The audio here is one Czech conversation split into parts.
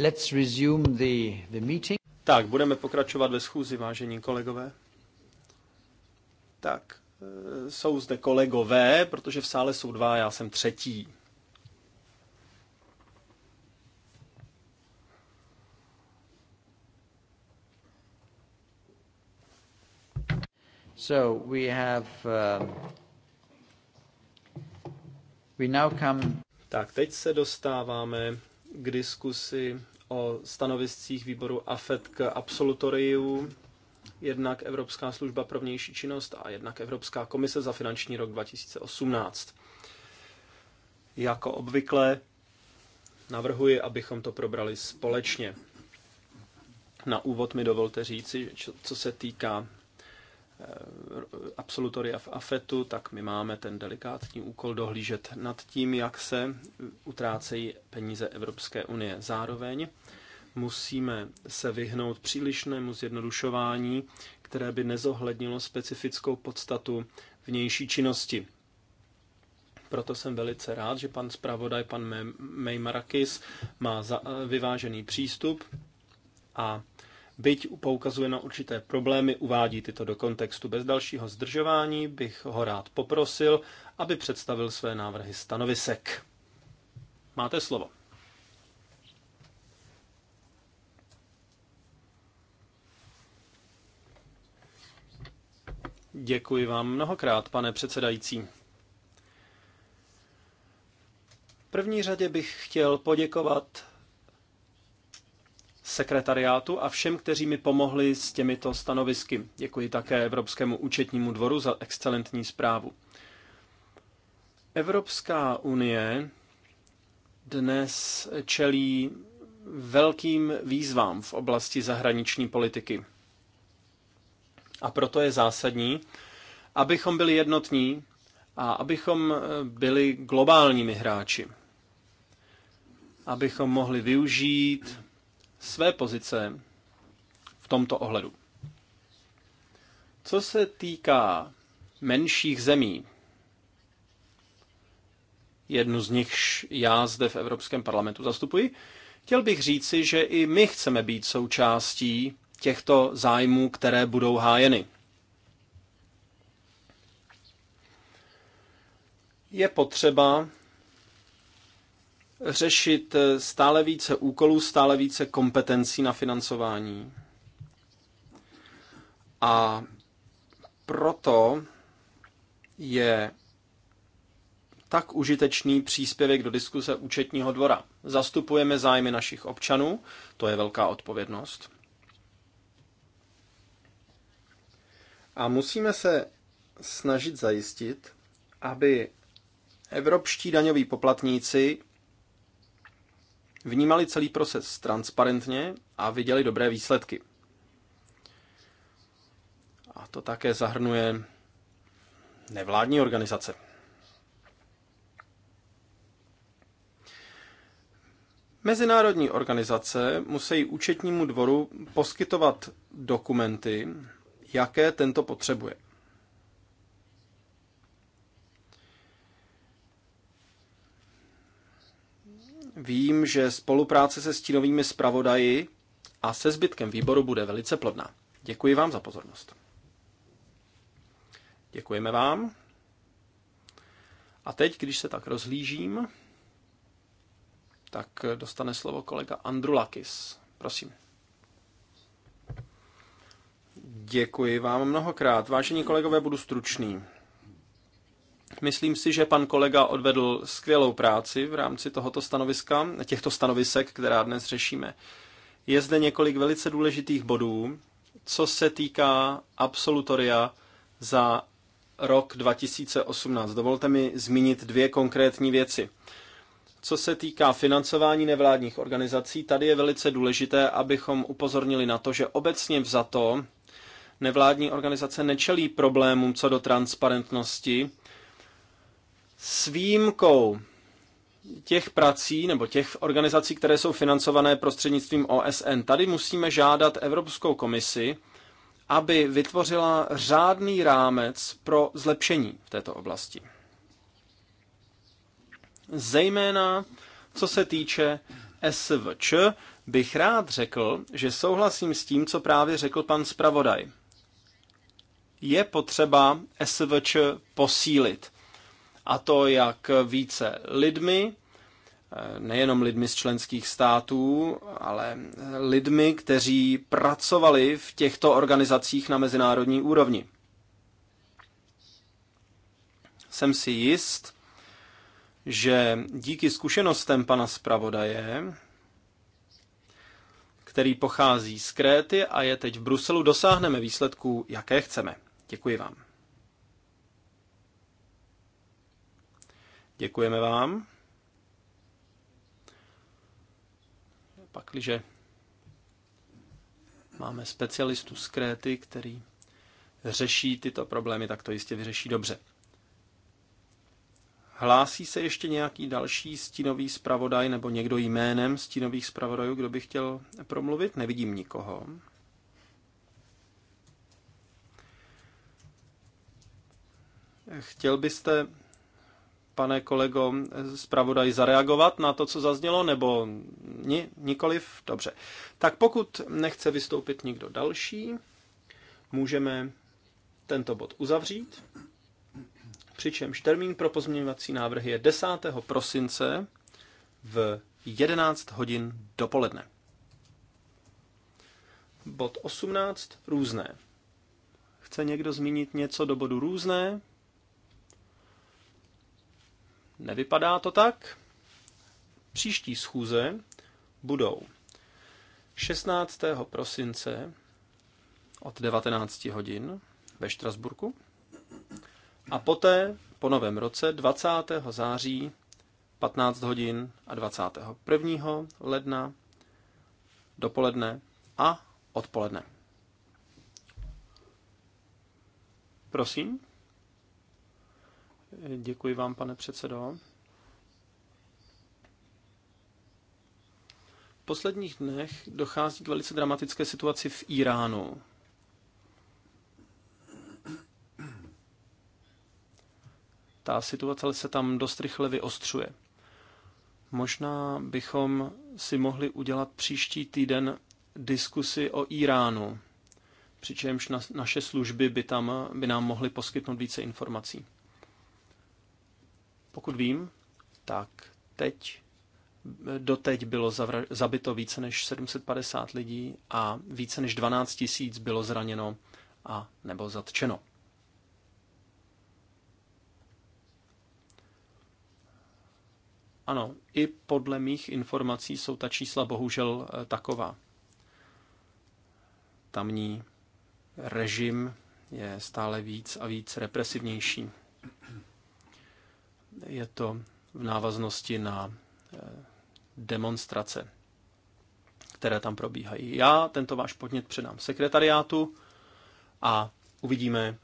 Let's resume the, the meeting. Tak, budeme pokračovat ve schůzi, vážení kolegové. Tak, e, jsou zde kolegové, protože v sále jsou dva, já jsem třetí. So we have, uh, we now come... Tak, teď se dostáváme k diskusi o stanoviscích výboru AFET k absolutoriu, jednak Evropská služba pro vnější činnost a jednak Evropská komise za finanční rok 2018. Jako obvykle navrhuji, abychom to probrali společně. Na úvod mi dovolte říci, že co se týká Eh, absolutoria v AFETu, tak my máme ten delikátní úkol dohlížet nad tím, jak se utrácejí peníze Evropské unie. Zároveň musíme se vyhnout přílišnému zjednodušování, které by nezohlednilo specifickou podstatu vnější činnosti. Proto jsem velice rád, že pan zpravodaj, pan Mejmarakis, má eh, vyvážený přístup a byť poukazuje na určité problémy, uvádí tyto do kontextu. Bez dalšího zdržování bych ho rád poprosil, aby představil své návrhy stanovisek. Máte slovo. Děkuji vám mnohokrát, pane předsedající. V první řadě bych chtěl poděkovat sekretariátu a všem, kteří mi pomohli s těmito stanovisky. Děkuji také Evropskému účetnímu dvoru za excelentní zprávu. Evropská unie dnes čelí velkým výzvám v oblasti zahraniční politiky. A proto je zásadní, abychom byli jednotní a abychom byli globálními hráči. Abychom mohli využít své pozice v tomto ohledu. Co se týká menších zemí, jednu z nichž já zde v Evropském parlamentu zastupuji, chtěl bych říci, že i my chceme být součástí těchto zájmů, které budou hájeny. Je potřeba řešit eh, stále více úkolů, stále více kompetencí na financování. A proto je tak užitečný příspěvek do diskuse účetního dvora. Zastupujeme zájmy našich občanů, to je velká odpovědnost. A musíme se snažit zajistit, aby evropští daňoví poplatníci vnímali celý proces transparentně a viděli dobré výsledky. A to také zahrnuje nevládní organizace. Mezinárodní organizace musí účetnímu dvoru poskytovat dokumenty, jaké tento potřebuje. Vím, že spolupráce se stínovými zpravodaji a se zbytkem výboru bude velice plodná. Děkuji vám za pozornost. Děkujeme vám. A teď, když se tak rozhlížím, tak dostane slovo kolega Andrulakis. Prosím. Děkuji vám mnohokrát. Vážení kolegové, budu stručný. Myslím si, že pan kolega odvedl skvělou práci v rámci tohoto stanoviska, těchto stanovisek, která dnes řešíme. Je zde několik velice důležitých bodů, co se týká absolutoria za rok 2018. Dovolte mi zmínit dvě konkrétní věci. Co se týká financování nevládních organizací, tady je velice důležité, abychom upozornili na to, že obecně vzato nevládní organizace nečelí problémům co do transparentnosti s výjimkou těch prací nebo těch organizací, které jsou financované prostřednictvím OSN, tady musíme žádat Evropskou komisi, aby vytvořila řádný rámec pro zlepšení v této oblasti. Zejména co se týče SVČ, bych rád řekl, že souhlasím s tím, co právě řekl pan zpravodaj. Je potřeba SVČ posílit. A to jak více lidmi, eh, nejenom lidmi z členských států, ale lidmi, kteří pracovali v těchto organizacích na mezinárodní úrovni. Jsem si jist, že díky zkušenostem pana zpravodaje, který pochází z Kréty a je teď v Bruselu, dosáhneme výsledků, jaké chceme. Děkuji vám. Děkujeme vám. Pakliže máme specialistu z Kréty, který řeší tyto problémy, tak to jistě vyřeší dobře. Hlásí se ještě nějaký další stínový zpravodaj nebo někdo jménem stínových zpravodajů, kdo by chtěl promluvit? Nevidím nikoho. Chtěl byste pane kolego, zpravodaj zareagovat na to, co zaznělo, nebo ni, nikoliv? Dobře. Tak pokud nechce vystoupit nikdo další, můžeme tento bod uzavřít. Přičemž termín pro pozměňovací návrhy je 10. prosince v 11 hodin dopoledne. Bod 18. Různé. Chce někdo zmínit něco do bodu různé? Nevypadá to tak. Příští schůze budou 16. prosince od 19 hodin ve Štrasburku a poté po novém roce 20. září 15 hodin a 21. ledna dopoledne a odpoledne. Prosím. Děkuji vám, pane předsedo. V posledních dnech dochází k velice dramatické situaci v Iránu. Ta situace se tam dost rychle vyostřuje. Možná bychom si mohli udělat příští týden diskusi o Iránu, přičemž naše služby by, tam, by nám mohly poskytnout více informací. Pokud vím, tak teď doteď bylo zavra- zabito více než 750 lidí a více než 12 tisíc bylo zraněno a nebo zatčeno. Ano, i podle mých informací jsou ta čísla bohužel eh, taková. Tamní režim je stále víc a víc represivnější. Je to v návaznosti na eh, demonstrace, které tam probíhají. Já tento váš podnět předám sekretariátu a uvidíme,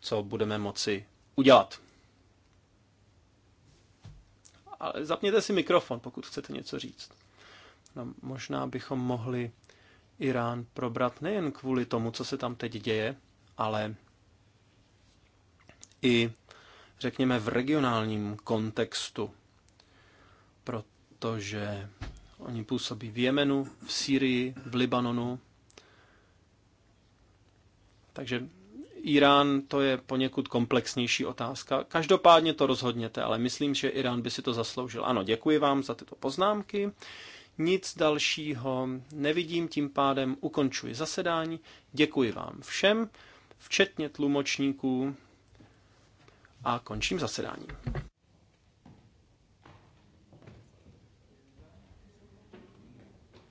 co budeme moci udělat. Ale zapněte si mikrofon, pokud chcete něco říct. No, možná bychom mohli Irán probrat nejen kvůli tomu, co se tam teď děje, ale i řekněme, v regionálním kontextu, protože oni působí v Jemenu, v Sýrii, v Libanonu. Takže Irán to je poněkud komplexnější otázka. Každopádně to rozhodněte, ale myslím, že Irán by si to zasloužil. Ano, děkuji vám za tyto poznámky. Nic dalšího nevidím, tím pádem ukončuji zasedání. Děkuji vám všem, včetně tlumočníků a končím zasedání.